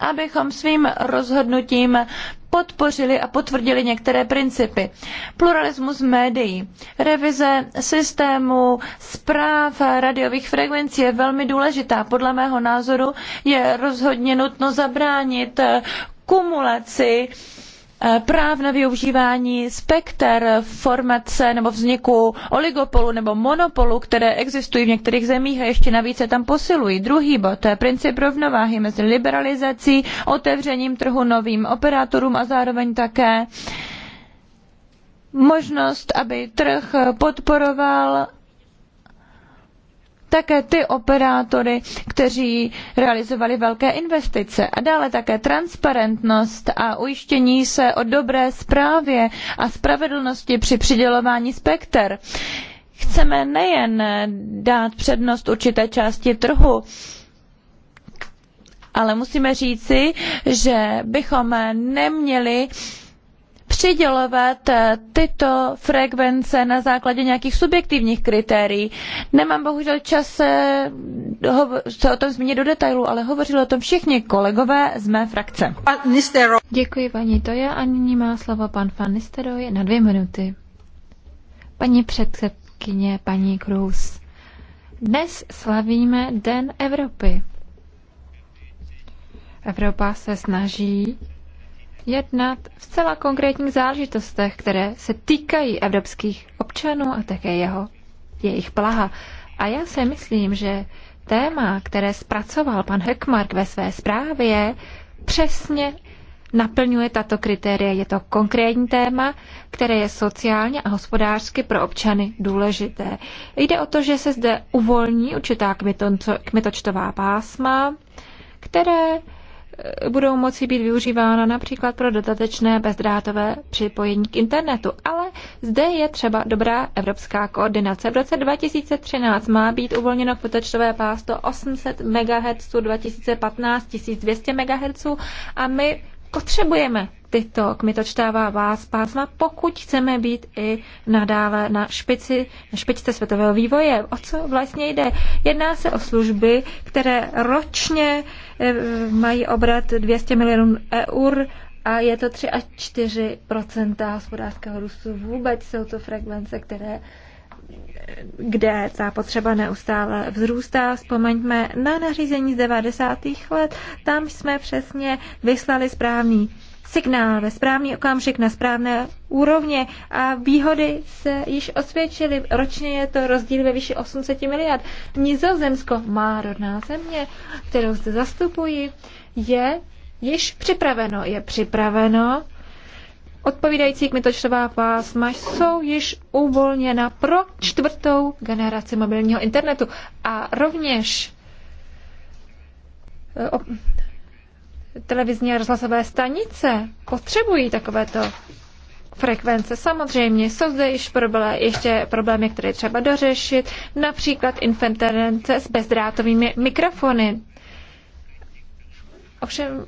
S1: abychom svým rozhodnutím podpořili a potvrdili některé principy. Pluralismus médií, revize systému zpráv radiových frekvencí je velmi důležitá. Podle mého názoru je rozhodně nutno zabránit kumulaci uh, Eh, práv na využívání spekter formace nebo vzniku oligopolu nebo monopolu, které existují v některých zemích a ještě navíc se tam posilují. Druhý bod, to eh, je princip rovnováhy mezi liberalizací, otevřením trhu novým operátorům a zároveň také možnost, aby trh podporoval také ty operátory, kteří realizovali velké investice. A dále také transparentnost a ujištění se o dobré správě a spravedlnosti při přidělování spekter. Chceme nejen dát přednost určité části trhu, ale musíme říci, že bychom neměli uh, přidělovat eh, tyto frekvence na základě nějakých subjektivních kritérií. Nemám bohužel čas se, eh, se o tom zmínit do detailu, ale hovořili o tom všichni kolegové z mé frakce.
S5: Děkuji paní Toja a nyní má slovo pan Van na dvě minuty. Paní předsedkyně, paní Cruz, dnes slavíme Den Evropy. Evropa se snaží jednat v celá konkrétních záležitostech, které se týkají evropských občanů a také jeho, jejich plaha. A já si myslím, že téma, které zpracoval pan Heckmark ve své zprávě, přesně naplňuje tato kritéria. Je to konkrétní téma, které je sociálně a hospodářsky pro občany důležité. Jde o to, že se zde uvolní určitá kmitočtová pásma, které budou moci být využívána například pro dodatečné bezdrátové připojení k internetu. Ale zde je třeba dobrá evropská koordinace. V roce 2013 má být uvolněno počtové pásto 800 MHz, 2015 1200 MHz a my potřebujeme tyto kmitočtává vás pásma, pokud chceme být i nadále na špici, na špičce světového vývoje. O co vlastně jde? Jedná se o služby, které ročně eh, mají obrat 200 milionů eur a je to 3 až 4 hospodářského růstu. Vůbec jsou to frekvence, které kde ta potřeba neustále vzrůstá. Vzpomeňme na nařízení z 90. let. Tam jsme přesně vyslali správný signál, správný okamžik na správné úrovně a výhody se již osvědčily. Ročně je to rozdíl ve výši 800 miliard. Nizozemsko, má rodná země, kterou zde zastupuji, je již připraveno. Je připraveno Odpovídající kmitočtová pásma jsou již uvolněna pro čtvrtou generaci mobilního internetu a rovněž eh, televizní a rozhlasové stanice potřebují takovéto frekvence. Samozřejmě jsou zde již problé, ještě problémy, které třeba dořešit, například interference s bezdrátovými mikrofony. Ovšem,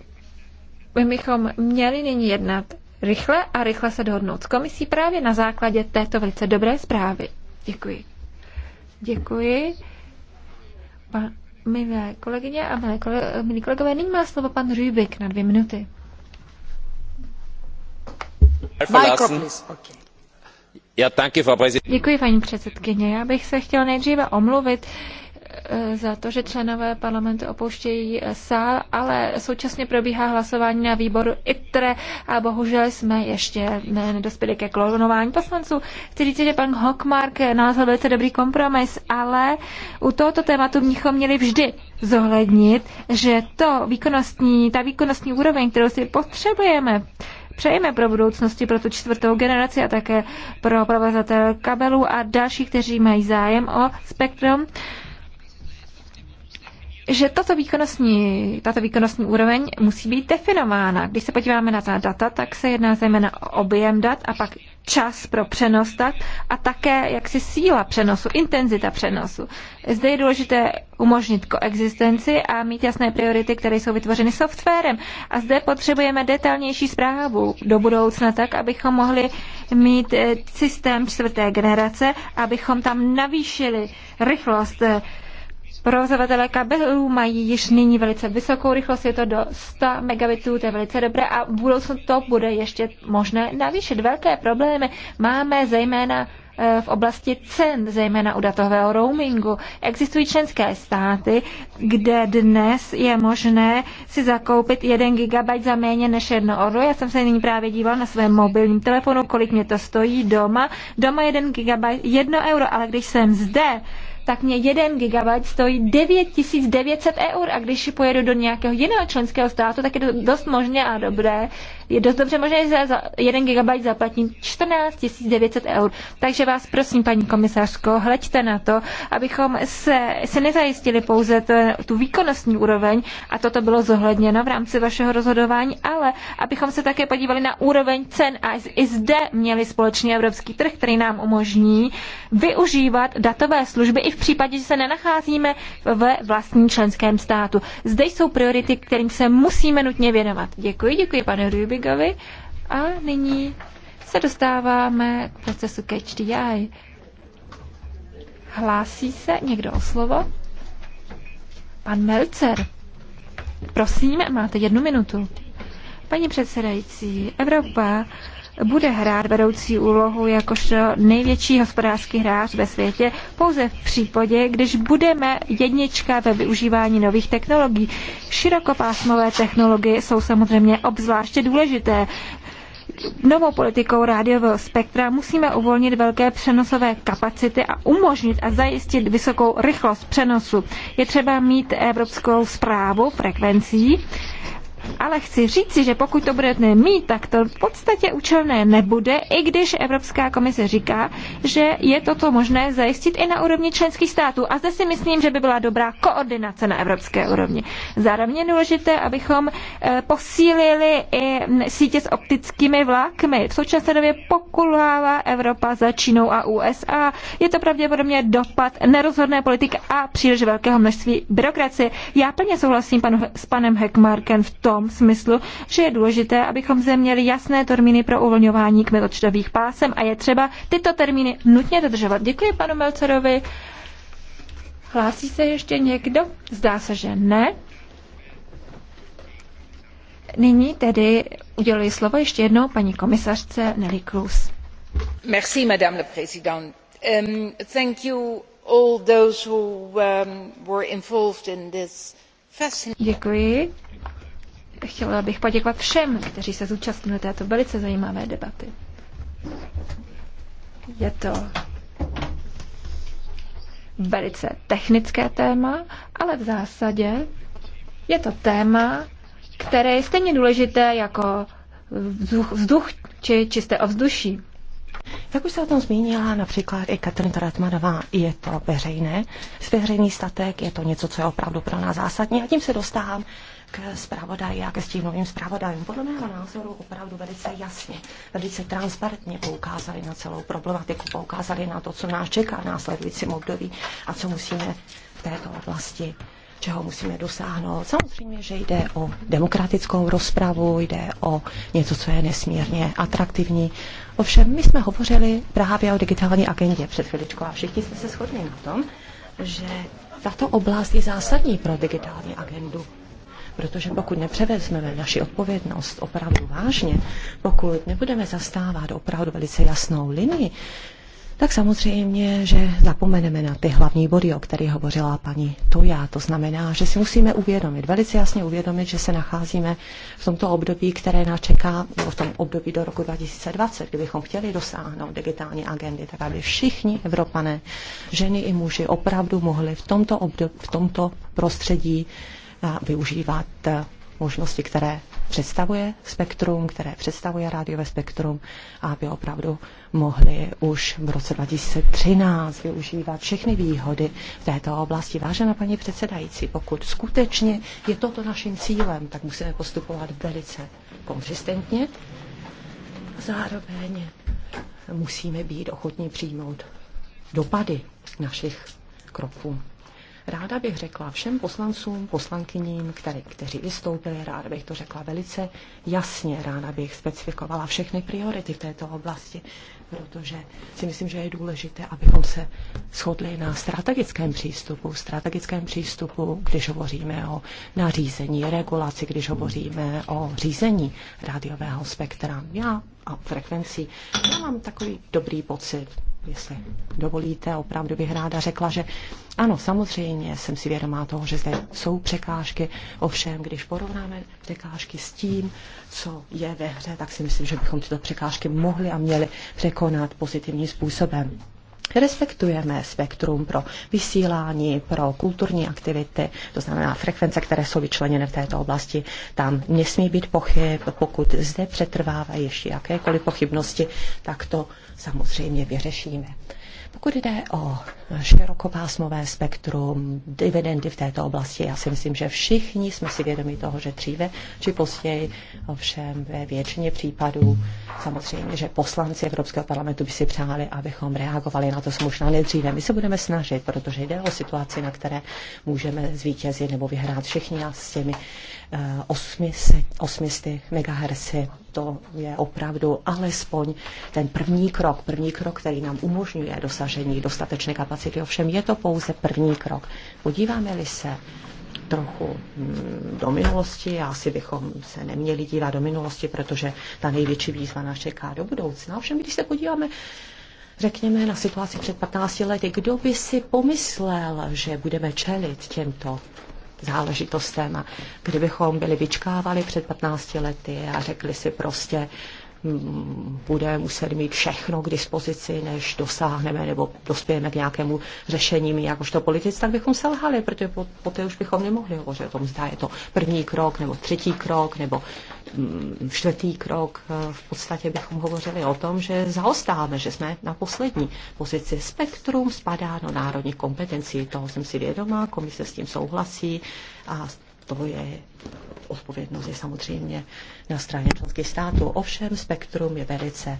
S5: my bychom měli nyní jednat rychle a rychle se dohodnout s komisí právě na základě této velice dobré zprávy. Děkuji. Děkuji. Pan Milé kolegyně a milé kole, milí kolegové, nyní má slovo pan Rybik na dvě minuty. Děkuji, paní předsedkyně. Já bych se chtěl nejdříve omluvit Eh, za to, že členové parlamentu opouštějí eh, sál, ale současně probíhá hlasování na výboru ITRE a bohužel jsme ještě nedospěli ke klonování poslanců. Chci říct, že pan Hockmark eh, nalezl velice dobrý kompromis, ale u tohoto tématu bychom měli vždy zohlednit, že to výkonnostní, ta výkonnostní úroveň, kterou si potřebujeme, přejeme pro budoucnosti, pro tu čtvrtou generaci a také pro provozatel kabelů a další, kteří mají zájem o spektrum, že tato výkonnostní, tato výkonnostní úroveň musí být definována. Když se podíváme na ta data, tak se jedná zejména o objem dat a pak čas pro přenos dat a také jaksi síla přenosu, intenzita přenosu. Zde je důležité umožnit koexistenci a mít jasné priority, které jsou vytvořeny softwarem. A zde potřebujeme detailnější zprávu do budoucna tak, abychom mohli mít eh, systém čtvrté generace, abychom tam navýšili rychlost eh, Provozovatelé kabelů mají již nyní velice vysokou rychlost, je to do 100 megabitů, to je velice dobré a v budoucnu to bude ještě možné navýšit. Velké problémy máme zejména eh, v oblasti cen, zejména u datového roamingu. Existují členské státy, kde dnes je možné si zakoupit 1 GB za méně než jedno euro. Já jsem se nyní právě díval na svém mobilním telefonu, kolik mě to stojí doma. Doma 1 GB 1 euro, ale když jsem zde, tak mě 1 GB stojí 9900 eur a když pojedu do nějakého jiného členského státu, tak je to dost možné a dobré, je dost dobře možné, že za 1 GB zaplatím 14 900 eur. Takže vás prosím, paní komisařko, hleďte na to, abychom se, se nezajistili pouze to, tu výkonnostní úroveň, a toto bylo zohledněno v rámci vašeho rozhodování, ale abychom se také podívali na úroveň cen a i zde měli společný evropský trh, který nám umožní využívat datové služby i v případě, že se nenacházíme ve vlastním členském státu. Zde jsou priority, kterým se musíme nutně věnovat. Děkuji, děkuji, pane Rübig. Rubigovi. A nyní se dostáváme k procesu Catch the Eye. Hlásí se někdo o slovo? Pan Melcer. Prosím, máte jednu minutu. Paní předsedající, Evropa bude hrát vedoucí úlohu jakožto největší hospodářský hráč ve světě pouze v případě, když budeme jednička ve využívání nových technologií. Širokopásmové technologie jsou samozřejmě obzvláště důležité. Novou politikou rádiového spektra musíme uvolnit velké přenosové kapacity a umožnit a zajistit vysokou rychlost přenosu. Je třeba mít evropskou zprávu frekvencí ale chci říci, že pokud to budete mít, tak to v podstatě účelné nebude, i když Evropská komise říká, že je toto možné zajistit i na úrovni členských států. A zde si myslím, že by byla dobrá koordinace na evropské úrovni. Zároveň je důležité, abychom eh, posílili i sítě s optickými vlákmi. V současné době pokulhává Evropa za Čínou a USA. Je to pravděpodobně dopad nerozhodné politiky a příliš velkého množství byrokracie. Já plně souhlasím panu, s panem Heckmarkem v tom, tom smyslu, že je důležité, abychom zde měli jasné termíny pro uvolňování kmitočtových pásem a je třeba tyto termíny nutně dodržovat. Děkuji panu Melcerovi. Hlásí se ještě někdo? Zdá se, že ne. Nyní tedy uděluji slovo ještě jednou paní komisařce Nelly Cruz.
S2: Merci, madame la présidente. Um, thank you all those who um, were involved in this
S5: fascinating... Děkuji chtěla bych poděkovat všem, kteří se zúčastnili této velice zajímavé debaty. Je to velice technické téma, ale v zásadě je to téma, které je stejně důležité jako
S4: vzduch, vzduch či čisté ovzduší. Jak už se o tom zmínila například i Katrin Tratmanová, je to veřejné, veřejný statek, je to něco, co je opravdu pro nás zásadní a tím se dostávám k zpravodaji a ke stínovým zpravodajům. Podle mého názoru opravdu velice jasně, velice transparentně poukázali na celou problematiku, poukázali na to, co nás čeká v následujícím období a co musíme v této oblasti čeho musíme dosáhnout. Samozřejmě, že jde o demokratickou rozpravu, jde o něco, co je nesmírně atraktivní. Ovšem, my jsme hovořili právě o digitální agendě před chviličkou a všichni jsme se shodli na tom, že tato oblast je zásadní pro digitální agendu. Protože pokud nepřevezmeme naši odpovědnost opravdu vážně, pokud nebudeme zastávat opravdu velice jasnou linii, tak samozřejmě, že zapomeneme na ty hlavní body, o kterých hovořila paní Toja. To znamená, že si musíme uvědomit, velice jasně uvědomit, že se nacházíme v tomto období, které nás čeká, nebo v tom období do roku 2020, kdybychom chtěli dosáhnout digitální agendy, tak aby všichni Evropané, ženy i muži, opravdu mohli v tomto, období, v tomto prostředí využívat možnosti, které představuje spektrum, které představuje rádiové spektrum, aby opravdu mohli už v roce 2013 využívat všechny výhody v této oblasti. Vážená paní předsedající, pokud skutečně je toto naším cílem, tak musíme postupovat velice konzistentně. Zároveň musíme být ochotní přijmout dopady našich kroků. Ráda bych řekla všem poslancům, poslankyním, který, kteří vystoupili, ráda bych to řekla velice jasně, ráda bych specifikovala všechny priority v této oblasti, protože si myslím, že je důležité, abychom se shodli na strategickém přístupu, strategickém přístupu, když hovoříme o nařízení, regulaci, když hovoříme o řízení rádiového spektra. Já a frekvencí. Já mám takový dobrý pocit, jestli dovolíte, opravdu bych ráda řekla, že ano, samozřejmě jsem si vědomá toho, že zde jsou překážky, ovšem, když porovnáme překážky s tím, co je ve hře, tak si myslím, že bychom tyto překážky mohli a měli překonat pozitivním způsobem respektujeme spektrum pro vysílání, pro kulturní aktivity, to znamená frekvence, které jsou vyčleněny v této oblasti. Tam nesmí být pochyb, pokud zde přetrvávají ještě jakékoliv pochybnosti, tak to samozřejmě vyřešíme. Pokud jde o širokopásmové spektrum, dividendy v této oblasti, já si myslím, že všichni jsme si vědomi toho, že dříve či později, ovšem ve většině případů, samozřejmě, že poslanci Evropského parlamentu by si přáli, abychom reagovali na to, co možná nejdříve. My se budeme snažit, protože jde o situaci, na které můžeme zvítězit nebo vyhrát všichni a s těmi 800, 800 MHz to je opravdu alespoň ten první krok, první krok, který nám umožňuje dosažení dostatečné kapacity. Ovšem je to pouze první krok. Podíváme-li se trochu mm, do minulosti, asi bychom se neměli dívat do minulosti, protože ta největší výzva nás čeká do budoucna. Ovšem, když se podíváme řekněme, na situaci před 15 lety, kdo by si pomyslel, že budeme čelit těmto záležitostem. A kdybychom byli vyčkávali před 15 lety a řekli si prostě, bude muset mít všechno k dispozici, než dosáhneme nebo dospějeme k nějakému řešení my jakožto politici, tak bychom selhali, protože poté už bychom nemohli hovořit o tom, zda je to první krok nebo třetí krok nebo mm, čtvrtý krok. V podstatě bychom hovořili o tom, že zaostáváme, že jsme na poslední pozici. Spektrum spadá do národních kompetencí, toho jsem si vědomá, komise s tím souhlasí a to je odpovědnost je samozřejmě na straně členských států. Ovšem spektrum je velice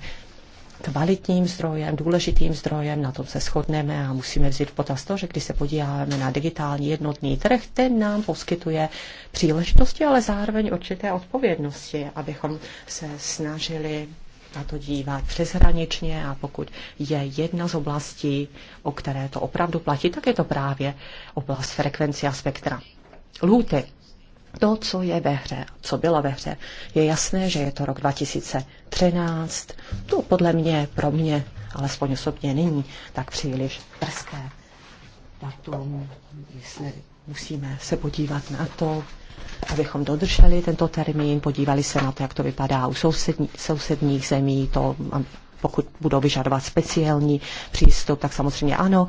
S4: kvalitním zdrojem, důležitým zdrojem, na tom se shodneme a musíme vzít v potaz to, že když se podíváme na digitální jednotný trh, ten nám poskytuje příležitosti, ale zároveň určité odpovědnosti, abychom se snažili na to dívat přeshraničně a pokud je jedna z oblastí, o které to opravdu platí, tak je to právě oblast frekvenci a spektra. Lhuty to, co je ve hře, co bylo ve hře. Je jasné, že je to rok 2013. To podle mě, pro mě, alespoň osobně není tak příliš brzké. Datum, jestli musíme se podívat na to, abychom dodrželi tento termín, podívali se na to, jak to vypadá u sousední, sousedních zemí, to pokud budou vyžadovat speciální přístup, tak samozřejmě ano,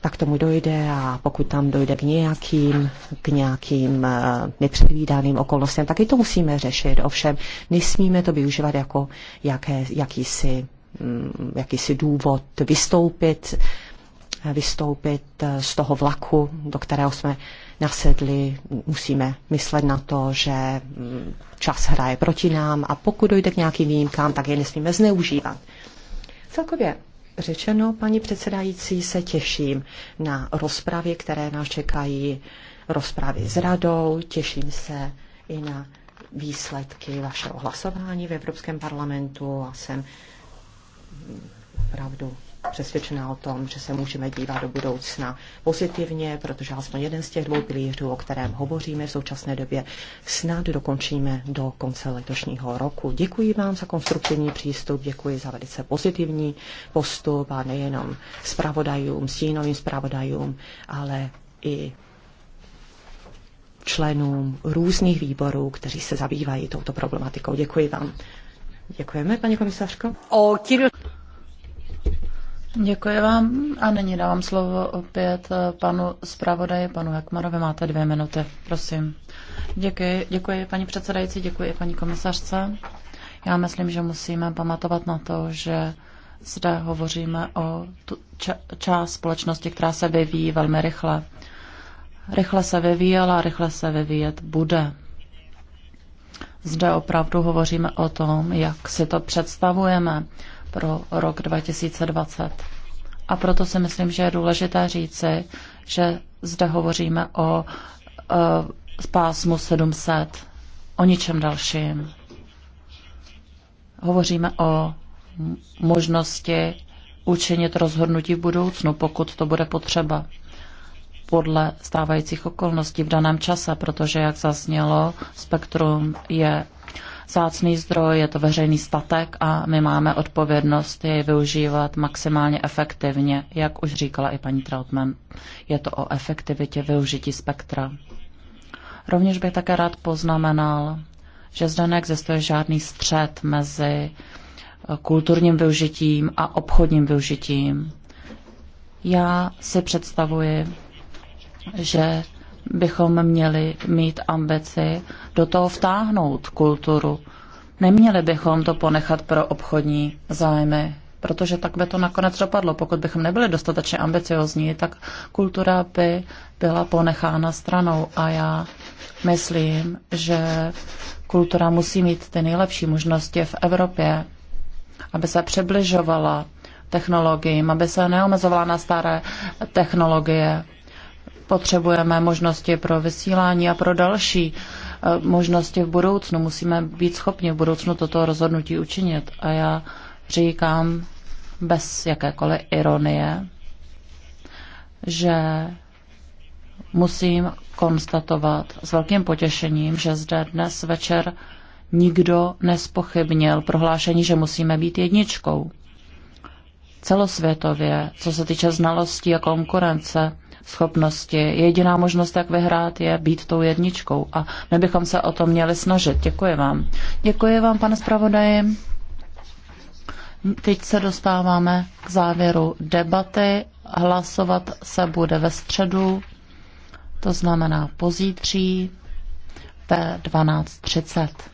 S4: tak tomu dojde a pokud tam dojde k nějakým, k nějakým eh, nepředvídaným okolnostem, taky to musíme řešit. Ovšem, nesmíme to využívat jako jaké, jakýsi, mm, jakýsi důvod vystoupit, eh, vystoupit eh, z toho vlaku, do kterého jsme nasedli, musíme myslet na to, že mm, čas hraje proti nám a pokud dojde k nějakým výjimkám, tak je nesmíme zneužívat. Celkově řečeno, paní předsedající, se těším na rozpravy, které nás čekají, rozpravy s radou, těším se i na výsledky vašeho hlasování v Evropském parlamentu a jsem opravdu přesvědčená o tom, že se můžeme dívat do budoucna pozitivně, protože alespoň jeden z těch dvou pilířů, o kterém hovoříme v současné době, snad dokončíme do konce letošního roku. Děkuji vám za konstruktivní přístup, děkuji za velice pozitivní postup a nejenom zpravodajům, stínovým zpravodajům, ale i členům různých výborů, kteří se zabývají touto problematikou. Děkuji vám. Děkujeme, paní komisařko.
S3: O, kýru... Děkuji vám a nyní dávám slovo opět eh, panu zpravodaji, panu Hekmarovi. Máte dvě minuty, prosím. Děkuji, děkuji paní předsedající, děkuji paní komisařce. Já myslím, že musíme pamatovat na to, že zde hovoříme o tu část společnosti, která se vyvíjí velmi rychle. Rychle se vyvíjela, rychle se vyvíjet bude. Zde opravdu hovoříme o tom, jak si to představujeme pro rok 2020. A proto si myslím, že je důležité říci, že zde hovoříme o uh, eh, pásmu 700, o ničem dalším. Hovoříme o možnosti učinit rozhodnutí v budoucnu, pokud to bude potřeba podle stávajících okolností v daném čase, protože, jak zaznělo, spektrum je vzácný zdroj, je to veřejný statek a my máme odpovědnost jej využívat maximálně efektivně, jak už říkala i paní Trautmann. Je to o efektivitě využití spektra. Rovněž bych také rád poznamenal, že zde neexistuje žádný střed mezi eh, kulturním využitím a obchodním využitím. Já si představuji, že bychom měli mít ambici do toho vtáhnout kulturu. Neměli bychom to ponechat pro obchodní zájmy, protože tak by to nakonec dopadlo. Pokud bychom nebyli dostatečně ambiciozní, tak kultura by byla ponechána stranou a já myslím, že kultura musí mít ty nejlepší možnosti v Evropě, aby se přibližovala technologiím, aby se neomezovala na staré technologie, Potřebujeme možnosti pro vysílání a pro další eh, možnosti v budoucnu. Musíme být schopni v budoucnu toto rozhodnutí učinit. A já říkám bez jakékoliv ironie, že musím konstatovat s velkým potěšením, že zde dnes večer nikdo nespochybnil prohlášení, že musíme být jedničkou. Celosvětově, co se týče znalostí a konkurence, schopnosti. Jediná možnost, jak vyhrát, je být tou jedničkou a my bychom se o to měli snažit. Děkuji vám. Děkuji vám, pane zpravodaji. Teď se dostáváme k závěru debaty. Hlasovat se bude ve středu, to znamená pozítří ve 12.30.